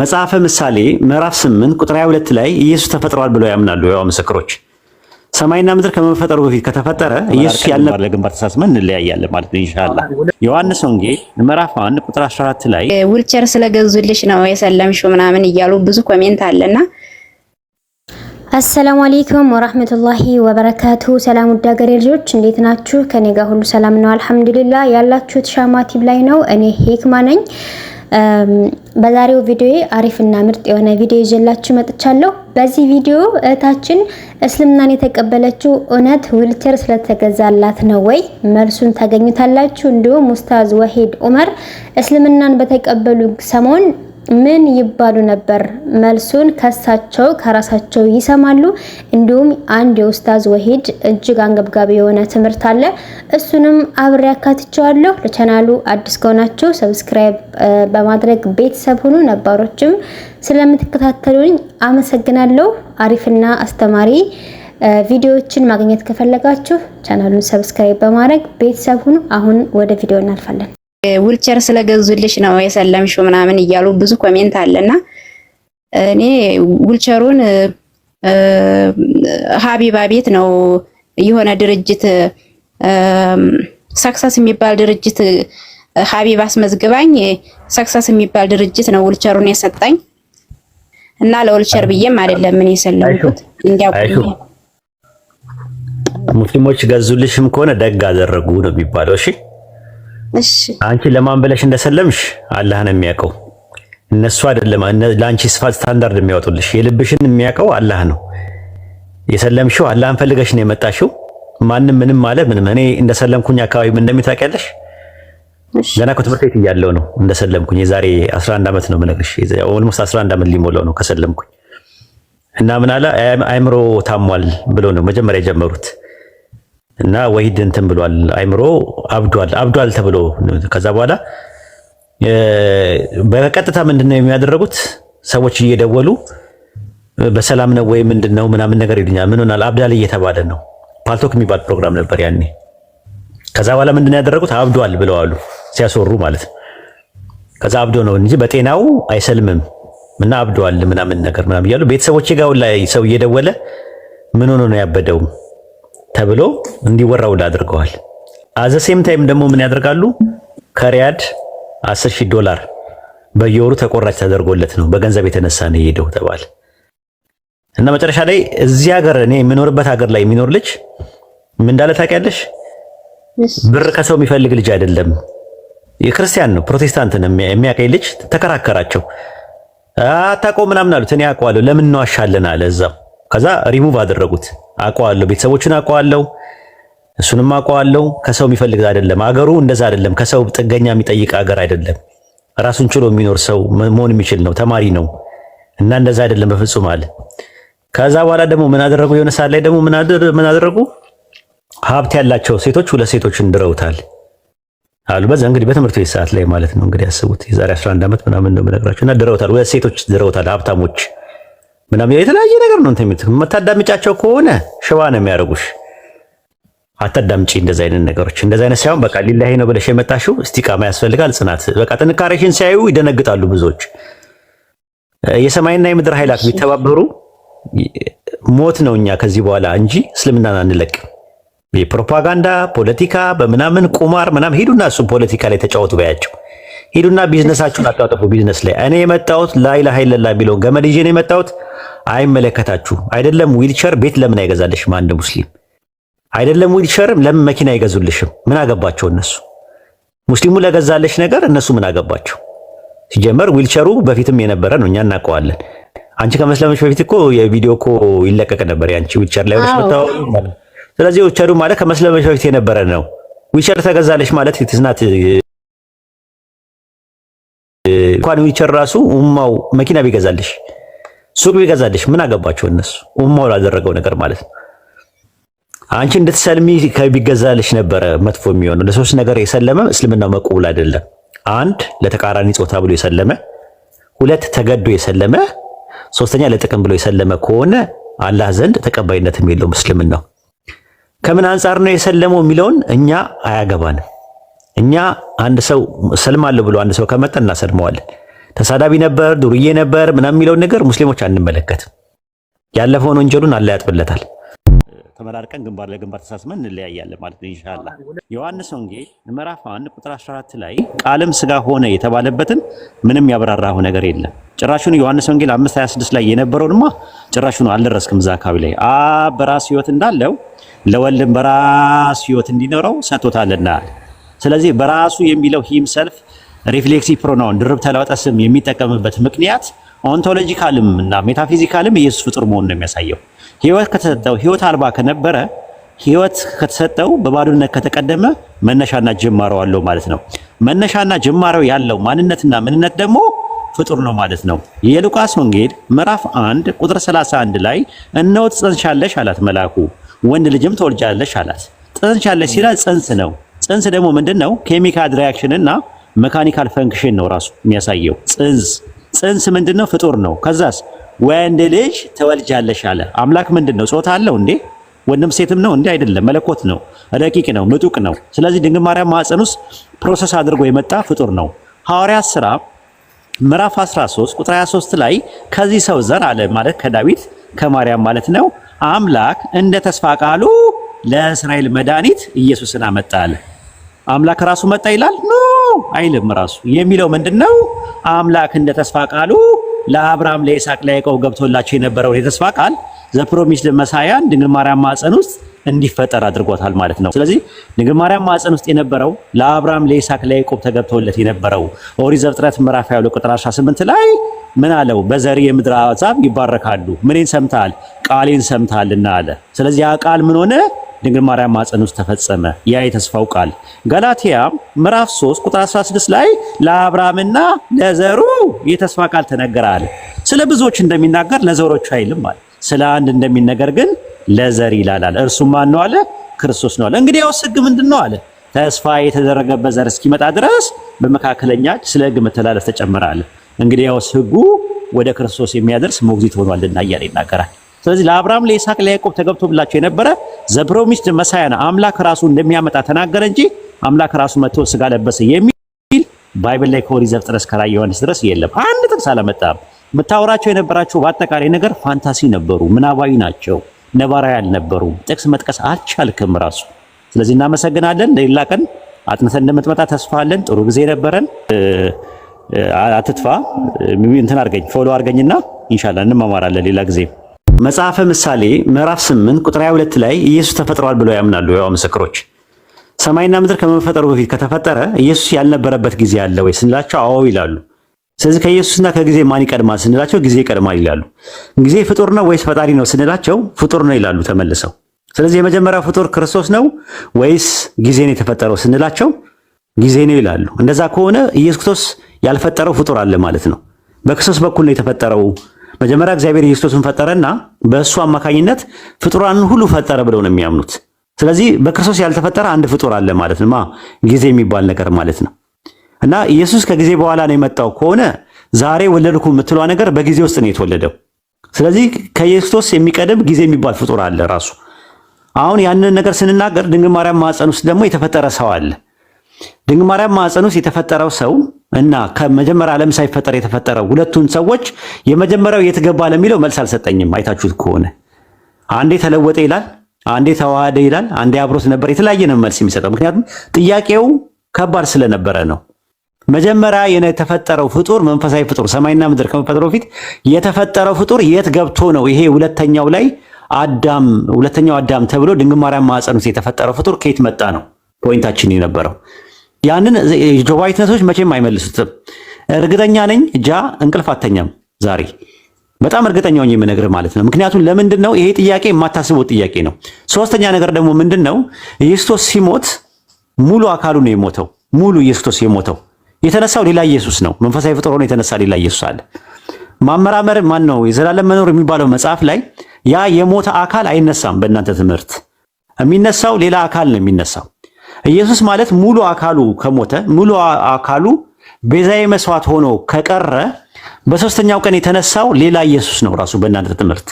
መጽሐፈ ምሳሌ ምዕራፍ 8 ቁጥር 22 ላይ ኢየሱስ ተፈጥሯል ብለው ያምናሉ ያው ምስክሮች። ሰማይና ምድር ከመፈጠሩ በፊት ከተፈጠረ ኢየሱስ ያልነበረ ለግንባር ተሳስመን እንለያያለን ማለት ነው ኢንሻአላህ። ዮሐንስ ወንጌል ምዕራፍ 1 ቁጥር 14 ላይ ዊልቸር ስለገዙልሽ ነው የሰለምሽው ምናምን እያሉ ብዙ ኮሜንት አለና አሰላሙ አሌይኩም ወራህመቱላሂ ወበረካቱ። ሰላም ውድ ሀገሬ ልጆች እንዴት ናችሁ? ከኔ ጋር ሁሉ ሰላም ነው አልሐምዱሊላ። ያላችሁት ሻማ ቲቪ ላይ ነው። እኔ ሂክማ ነኝ። በዛሬው ቪዲዮ አሪፍና ምርጥ የሆነ ቪዲዮ ይዤላችሁ መጥቻለሁ። በዚህ ቪዲዮ እህታችን እስልምናን የተቀበለችው እውነት ዊልቸር ስለተገዛላት ነው ወይ? መልሱን ታገኙታላችሁ። እንዲሁም ኡስታዝ ወሂድ ኡመር እስልምናን በተቀበሉ ሰሞን ምን ይባሉ ነበር? መልሱን ከሳቸው ከራሳቸው ይሰማሉ። እንዲሁም አንድ የኡስታዝ ወሂድ እጅግ አንገብጋቢ የሆነ ትምህርት አለ። እሱንም አብሬ አካትቸዋለሁ። ለቻናሉ አዲስ ከሆናችሁ ሰብስክራይብ በማድረግ ቤተሰብ ሁኑ። ነባሮችም ስለምትከታተሉኝ አመሰግናለሁ። አሪፍና አስተማሪ ቪዲዮዎችን ማግኘት ከፈለጋችሁ ቻናሉን ሰብስክራይብ በማድረግ ቤተሰብ ሁኑ። አሁን ወደ ቪዲዮ እናልፋለን። ዊልቸር ስለገዙልሽ ነው የሰለምሽው ምናምን እያሉ ብዙ ኮሜንት አለና እኔ ዊልቸሩን ሀቢባ ቤት ነው የሆነ ድርጅት ሰክሰስ የሚባል ድርጅት ሀቢባ አስመዝግባኝ ሰክሰስ የሚባል ድርጅት ነው ውልቸሩን የሰጠኝ እና ለዊልቸር ብዬም አይደለም ምን የሰለምኩት እንዲያውቁ ሙስሊሞች ገዙልሽም ከሆነ ደግ አደረጉ ነው የሚባለው እሺ አንቺ ለማን ብለሽ እንደሰለምሽ አላህ ነው የሚያውቀው፣ እነሱ አይደለም። ለአንቺ ስፋት ስታንዳርድ የሚያወጡልሽ የልብሽን የሚያውቀው አላህ ነው። የሰለምሽው አላህን ፈልገሽ ነው የመጣሽው። ማንም ምንም አለ ምንም። እኔ እንደሰለምኩኝ አካባቢ ምን እንደሚታውቂያለሽ ገና እኮ ቤት እያለሁ ነው እንደሰለምኩኝ። የዛሬ 11 ዓመት ነው የምነግርሽ። ኦልሞስት 11 ዓመት ሊሞላው ነው ከሰለምኩኝ። እና ምን አለ አይምሮ ታሟል ብሎ ነው መጀመሪያ የጀመሩት እና ወሂድ እንትን ብሏል። አይምሮ አብዷል አብዷል ተብሎ ከዛ በኋላ በቀጥታ ምንድነው የሚያደረጉት ሰዎች እየደወሉ በሰላም ነው ወይ ምንድነው ምናምን ነገር ይሉኛል። ምን ሆናል አብዳል እየተባለ ነው። ፓልቶክ የሚባል ፕሮግራም ነበር ያኔ። ከዛ በኋላ ምንድነው ያደረጉት አብዷል ብለዋሉ ሲያስወሩ ማለት ነው። ከዛ አብዶ ነው እንጂ በጤናው አይሰልምም እና አብዷል ምናምን ነገር ምናምን እያሉ ቤተሰቦቼ ጋር ላይ ሰው እየደወለ ምን ሆኖ ነው ያበደው ተብሎ እንዲወራ ውል አድርገዋል። አዘ ሴም ታይም ደግሞ ምን ያደርጋሉ? ከሪያድ 10 ሺህ ዶላር በየወሩ ተቆራጭ ተደርጎለት ነው በገንዘብ የተነሳ ነው የሄደው ተባለ እና መጨረሻ ላይ እዚህ ሀገር እኔ የምኖርበት ሀገር ላይ የሚኖር ልጅ ምን እንዳለ ታውቂያለሽ? ብር ከሰው የሚፈልግ ልጅ አይደለም። የክርስቲያን ነው ፕሮቴስታንት ነው የሚያቀኝ ልጅ ተከራከራቸው። አታውቀውም ምናምን አሉት። እኔ አውቀዋለሁ። ለምን ነው አለ እዛው። ከዛ ሪሙቭ አደረጉት። አውቀዋለሁ፣ ቤተሰቦቹን አውቀዋለሁ፣ እሱንም አውቀዋለሁ። ከሰው የሚፈልግ አይደለም፣ አገሩ እንደዛ አይደለም። ከሰው ጥገኛ የሚጠይቅ አገር አይደለም። ራሱን ችሎ የሚኖር ሰው መሆን የሚችል ነው። ተማሪ ነው እና እንደዛ አይደለም በፍጹም አለ። ከዛ በኋላ ደግሞ ምን አደረጉ? የሆነ ሰዓት ላይ ደግሞ ምን አደረጉ? ሀብት ያላቸው ሴቶች ሁለት ሴቶች እንድረውታል አሉ። በዛ እንግዲህ በትምህርት ቤት ሰዓት ላይ ማለት ነው። እንግዲህ ያስቡት፣ የዛሬ 11 ዓመት ምናምን ነው የምነግራችሁ። እና ድረውታል፣ ሁለት ሴቶች ድረውታል ሀብታሞች ምናምን የተለያየ ነገር ነው እንትን የሚሉት። የምታዳምጫቸው ከሆነ ሽባ ነው የሚያደርጉሽ። አታዳምጪ እንደዚ አይነት ነገሮች። እንደዚ አይነት ሳይሆን በቃ ሊላሄ ነው ብለሽ የመጣሽው እስቲቃማ ያስፈልጋል፣ ጽናት። በቃ ጥንካሬሽን ሲያዩ ይደነግጣሉ ብዙዎች። የሰማይና የምድር ኃይላት ቢተባበሩ ሞት ነው እኛ ከዚህ በኋላ እንጂ እስልምናን አንለቅም። የፕሮፓጋንዳ ፖለቲካ በምናምን ቁማር ምናምን ሂዱና እሱ ፖለቲካ ላይ ተጫወቱ በያቸው። ሂዱና ቢዝነሳችሁን አታጠፉ። ቢዝነስ ላይ እኔ የመጣሁት ላይላ ሀይለላ የሚለውን ገመድ ይዤ ነው የመጣሁት። አይመለከታችሁ። አይደለም ዊልቸር ቤት ለምን አይገዛልሽም አንድ ሙስሊም? አይደለም ዊልቸር ለምን መኪና አይገዙልሽም? ምን አገባቸው እነሱ? ሙስሊሙ ለገዛለሽ ነገር እነሱ ምን አገባቸው? ሲጀመር ዊልቸሩ በፊትም የነበረ ነው፣ እኛ እናውቀዋለን። አንቺ ከመስለምሽ በፊት እኮ የቪዲዮ እኮ ይለቀቅ ነበር ያንቺ ዊልቸር ላይ ሆነሽ መታወቅ። ስለዚህ ዊልቸሩ ማለት ከመስለመች በፊት የነበረ ነው። ዊልቸር ተገዛለሽ ማለት ትዝናት እንኳን ዊልቸር ራሱ ኡማው መኪና ቢገዛልሽ ሱቅ ቢገዛልሽ ምን አገባቸው እነሱ? ኡማው ላደረገው ነገር ማለት ነው። አንቺ እንድትሰልሚ ከቢገዛልሽ ነበረ መጥፎ የሚሆነው። ለሶስት ነገር የሰለመ እስልምና መቅቡል አይደለም። አንድ ለተቃራኒ ጾታ ብሎ የሰለመ፣ ሁለት ተገዶ የሰለመ፣ ሶስተኛ ለጥቅም ብሎ የሰለመ ከሆነ አላህ ዘንድ ተቀባይነት የለውም እስልምናው። ከምን አንጻር ነው የሰለመው የሚለውን እኛ አያገባንም። እኛ አንድ ሰው ሰልማለሁ ብሎ አንድ ሰው ከመጣ እናሰልመዋለን። ተሳዳቢ ነበር፣ ዱርዬ ነበር ምናምን የሚለውን ነገር ሙስሊሞች አንመለከትም። ያለፈውን ወንጀሉን አላህ ያጥብለታል። ተመራርቀን ግንባር ለግንባር ተሳስመን እንለያያለን ማለት ነው ኢንሻአላህ። ዮሐንስ ወንጌል ምዕራፍ 1 ቁጥር 14 ላይ ቃልም ስጋ ሆነ የተባለበትን ምንም ያብራራው ነገር የለም። ጭራሹን ዮሐንስ ወንጌል 5:26 ላይ የነበረውንማ ጭራሹን አልደረስክም። እዛ አካባቢ ላይ አብ በራሱ ህይወት እንዳለው ለወልድም በራስ ህይወት እንዲኖረው ሰጥቶታልና ስለዚህ በራሱ የሚለው ሂም ሰልፍ ሪፍሌክሲቭ ፕሮናውን ድርብ ተለዋዋጭ ስም የሚጠቀምበት ምክንያት ኦንቶሎጂካልም እና ሜታፊዚካልም የኢየሱስ ፍጡር መሆኑን ነው የሚያሳየው። ህይወት ከተሰጠው ህይወት አልባ ከነበረ ህይወት ከተሰጠው በባዶነት ከተቀደመ መነሻና ጅማሬው አለው ማለት ነው። መነሻና ጅማሬው ያለው ማንነትና ምንነት ደግሞ ፍጡር ነው ማለት ነው። የሉቃስ ወንጌል ምዕራፍ 1 ቁጥር 31 ላይ እነሆ ትጸንሻለሽ አላት መልአኩ፣ ወንድ ልጅም ትወልጃለሽ አላት። ትጸንሻለሽ ሲላት ጽንስ ነው። ጽንስ ደግሞ ምንድን ነው? ኬሚካል ሪያክሽን እና መካኒካል ፈንክሽን ነው ራሱ የሚያሳየው። ጽንስ ጽንስ ምንድነው? ፍጡር ነው። ከዛስ ወንድ ልጅ ትወልጃለሽ አለ። አምላክ ምንድነው? ጾታ አለው እንዴ? ወንድም ሴትም ነው እንዴ? አይደለም። መለኮት ነው፣ ረቂቅ ነው፣ ምጡቅ ነው። ስለዚህ ድንግል ማርያም ማህፀን ውስጥ ፕሮሰስ አድርጎ የመጣ ፍጡር ነው። ሐዋርያት ሥራ ምዕራፍ 13 ቁጥር 23 ላይ ከዚህ ሰው ዘር አለ ማለት ከዳዊት ከማርያም ማለት ነው አምላክ እንደ ተስፋ ቃሉ ለእስራኤል መድኃኒት ኢየሱስን አመጣ አለ። አምላክ ራሱ መጣ ይላል ኖ ነው አይልም። ራሱ የሚለው ምንድን ነው? አምላክ እንደ ተስፋ ቃሉ ለአብርሃም ለይስሐቅ፣ ለያዕቆብ ገብቶላቸው የነበረውን የተስፋ ቃል ዘፕሮሚስድ መሳያን ድንግል ማርያም ማፀን ውስጥ እንዲፈጠር አድርጎታል ማለት ነው። ስለዚህ ድንግል ማርያም ማፀን ውስጥ የነበረው ለአብርሃም ለይስሐቅ፣ ለያዕቆብ ተገብቶለት የነበረው ኦሪት ዘፍጥረት ምዕራፍ 22 ቁጥር 18 ላይ ምን አለው? በዘር የምድር አሕዛብ ይባረካሉ። ምንን ሰምታል? ቃሌን ሰምታልና አለ። ስለዚህ ያ ቃል ምን ሆነ? ድንግል ማርያም ማፀን ውስጥ ተፈጸመ። ያ የተስፋው ቃል ጋላትያ ምዕራፍ 3 ቁጥር 16 ላይ ለአብርሃምና ለዘሩ የተስፋ ቃል ተነገረ አለ። ስለ ብዙዎች እንደሚናገር ለዘሮቹ አይልም አለ። ስለ አንድ እንደሚነገር ግን ለዘር ይላል። እርሱ ማን ነው አለ? ክርስቶስ ነው አለ። እንግዲህ ያው ሕግ ምንድን ነው አለ? ተስፋ የተደረገበት ዘር እስኪመጣ ድረስ በመካከለኛ ስለ ሕግ መተላለፍ ተጨመረ አለ። እንግዲህ ያው ሕጉ ወደ ክርስቶስ የሚያደርስ ሞግዚት ሆኗልና እያለ ይናገራል። ስለዚህ ለአብርሃም ለይስሐቅ ለያዕቆብ ተገብቶብላቸው የነበረ ዘፕሮሚስድ መሳያን አምላክ ራሱ እንደሚያመጣ ተናገረ እንጂ አምላክ ራሱ መጥቶ ስጋ ለበሰ የሚል ባይብል ላይ ከኦሪት ዘፍጥረት እስከ ራዕየ ዮሐንስ ድረስ የለም። አንድ ጥቅስ አላመጣም። የምታወራቸው የነበራቸው በአጠቃላይ ነገር ፋንታሲ ነበሩ፣ ምናባዊ ናቸው፣ ነባራዊ አልነበሩም። ጥቅስ መጥቀስ አልቻልክም ራሱ። ስለዚህ እናመሰግናለን። ለሌላ ቀን አጥንተን እንደምትመጣ ተስፋ አለን። ጥሩ ጊዜ ነበረን። አትጥፋ እንትን አርገኝ ፎሎ አርገኝና ኢንሻላህ እንማማራለን ሌላ ጊዜ መጽሐፈ ምሳሌ ምዕራፍ 8 ቁጥር 22 ላይ ኢየሱስ ተፈጥሯል ብለው ያምናሉ የዋ ምስክሮች። ሰማይና ምድር ከመፈጠሩ በፊት ከተፈጠረ ኢየሱስ ያልነበረበት ጊዜ አለ ወይ ስንላቸው አዎ ይላሉ። ስለዚህ ከኢየሱስና ከጊዜ ማን ይቀድማል ስንላቸው ጊዜ ይቀድማል ይላሉ። ጊዜ ፍጡር ነው ወይስ ፈጣሪ ነው ስንላቸው ፍጡር ነው ይላሉ ተመልሰው። ስለዚህ የመጀመሪያው ፍጡር ክርስቶስ ነው ወይስ ጊዜ ነው የተፈጠረው ስንላቸው ጊዜ ነው ይላሉ። እንደዛ ከሆነ ኢየሱስ ክርስቶስ ያልፈጠረው ፍጡር አለ ማለት ነው። በክርስቶስ በኩል ነው የተፈጠረው መጀመሪያ እግዚአብሔር ክርስቶስን ፈጠረና በእሱ አማካኝነት ፍጡራንን ሁሉ ፈጠረ ብለው ነው የሚያምኑት። ስለዚህ በክርስቶስ ያልተፈጠረ አንድ ፍጡር አለ ማለት ነው፣ ጊዜ የሚባል ነገር ማለት ነው። እና ኢየሱስ ከጊዜ በኋላ ነው የመጣው ከሆነ ዛሬ ወለድኩ የምትሏ ነገር በጊዜ ውስጥ ነው የተወለደው። ስለዚህ ከኢየሱስ የሚቀደም ጊዜ የሚባል ፍጡር አለ ራሱ። አሁን ያንን ነገር ስንናገር ድንግል ማርያም ማኅፀን ውስጥ ደግሞ የተፈጠረ ሰው አለ። ድንግል ማርያም ማኅፀን ውስጥ የተፈጠረው ሰው እና ከመጀመሪያ ዓለም ሳይፈጠር የተፈጠረው ሁለቱን ሰዎች የመጀመሪያው የት ለሚለው መልስ አልሰጠኝም። አይታችሁት ከሆነ አንዴ ተለወጠ ይላል፣ አንዴ ተዋሃደ ይላል፣ አንዴ አብሮት ነበር። የተለያየ ነው መልስ የሚሰጠው ምክንያቱም ጥያቄው ከባድ ስለነበረ ነው። መጀመሪያ የተፈጠረው ፍጡር መንፈሳዊ ፍጡር ሰማይና ምድር ከመፈጠሩ በፊት የተፈጠረው ፍጡር የት ገብቶ ነው? ይሄ ሁለተኛው ላይ አዳም ሁለተኛው አዳም ተብሎ ድንግል ማርያም ውስጥ የተፈጠረው ፍጡር ከየት መጣ ነው ፖይንታችን የነበረው። ያንን ጆ ጆባይትነቶች መቼም አይመልሱትም። እርግጠኛ ነኝ ጃ እንቅልፍ አተኛም ዛሬ በጣም እርግጠኛ ሆኜ የምነግር ማለት ነው። ምክንያቱም ለምንድን ነው ይሄ ጥያቄ የማታስቡት ጥያቄ ነው። ሶስተኛ ነገር ደግሞ ምንድን ነው ኢየሱስ ሲሞት ሙሉ አካሉ ነው የሞተው። ሙሉ ኢየሱስ የሞተው የተነሳው ሌላ ኢየሱስ ነው። መንፈሳዊ ፍጡር ሆኖ የተነሳ ሌላ ኢየሱስ አለ። ማመራመር ማን ነው የዘላለም መኖር የሚባለው መጽሐፍ ላይ ያ የሞተ አካል አይነሳም። በእናንተ ትምህርት የሚነሳው ሌላ አካል ነው የሚነሳው ኢየሱስ ማለት ሙሉ አካሉ ከሞተ ሙሉ አካሉ ቤዛዬ መስዋዕት ሆኖ ከቀረ በሶስተኛው ቀን የተነሳው ሌላ ኢየሱስ ነው። ራሱ በእናንተ ትምህርት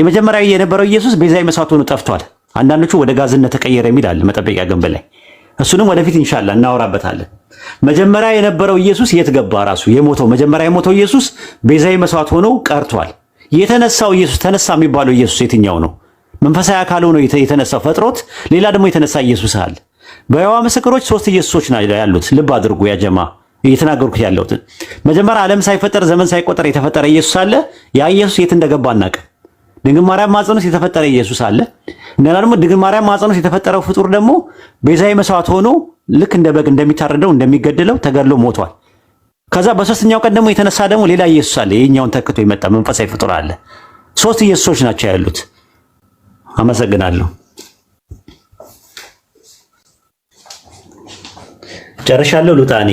የመጀመሪያው የነበረው ኢየሱስ ቤዛዬ መስዋዕት ሆኖ ጠፍቷል። አንዳንዶቹ ወደ ጋዝነት ተቀየረ የሚል አለ መጠበቂያ ግንብ ላይ። እሱንም ወደፊት ኢንሻአላህ እናወራበታለን። መጀመሪያ የነበረው ኢየሱስ የት ገባ? ራሱ የሞተው መጀመሪያ የሞተው ኢየሱስ ቤዛዬ መስዋዕት ሆኖ ቀርቷል። የተነሳው ኢየሱስ ተነሳ የሚባለው ኢየሱስ የትኛው ነው? መንፈሳዊ አካል ሆኖ የተነሳው ፈጥሮት፣ ሌላ ደግሞ የተነሳ ኢየሱስ አለ። በይሖዋ ምስክሮች ሶስት ኢየሱሶች ያሉት ልብ አድርጉ ያጀማ እየተናገርኩት ያለሁትን መጀመሪያ ዓለም ሳይፈጠር ዘመን ሳይቆጠር የተፈጠረ ኢየሱስ አለ። ያ ኢየሱስ የት እንደገባ አናውቅም። ድንግል ማርያም ማጸኖስ የተፈጠረ ኢየሱስ አለ። እንደና ደግሞ ድንግል ማርያም ማጸኖስ የተፈጠረው ፍጡር ደግሞ ቤዛዊ መስዋዕት ሆኖ ልክ እንደ በግ እንደሚታረደው እንደሚገድለው ተገድሎ ሞቷል። ከዛ በሶስተኛው ቀን ደግሞ የተነሳ ደግሞ ሌላ ኢየሱስ አለ። የኛውን ተክቶ የመጣ መንፈሳዊ ፍጡር አለ። ሶስት ኢየሱሶች ናቸው ያሉት። አመሰግናለሁ። ጨርሻለሁ ሉታ እኔ